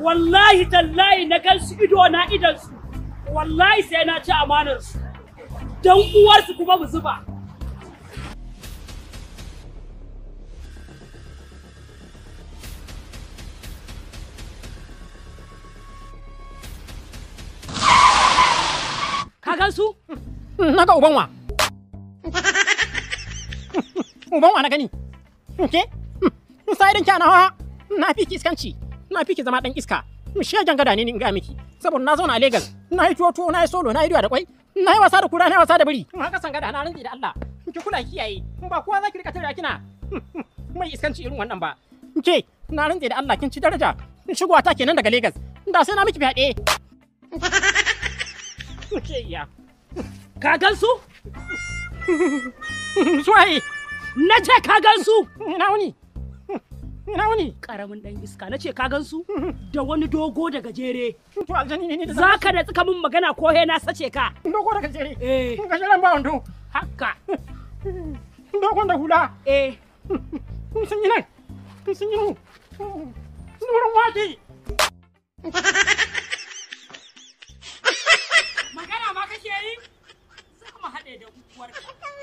wallahi tallahi na su ido na su. wallahi sai na ci amanarsu don su kuma mu zuba ka su? na ga ubanwa ubanwa na gani ke sai kana kyanawa na fi iskanci na fi ki zama dan iska mu jan gada ne in ga miki saboda na zauna a Legas na yi tuwo na yi solo na yi da kwai na yi wasa da kura na yi wasa da biri in haka san gada na rinji da Allah ki kula kiyaye ba kowa za ki rika tare kina mai iskanci irin wannan ba ke na rinje da Allah kin ci daraja in shigowa ta kenan daga Lagos da sai na miki fyaɗe ke ya ka su suwaye na ce ka su ina wuni Ina wani? Karamin dan iska na ce ka gan su da wani dogo da gajere. To aljani ne ne da zaka da tsika min magana ko he na sace ka. Dogo da gajere. Eh. Ga Gajeren ba wando. Hakka. Dogon da hula. Eh. Sun yi nan. Sun yi mu. Nurin waje. Magana ma kake yi? Sai kuma haɗe da uwarka.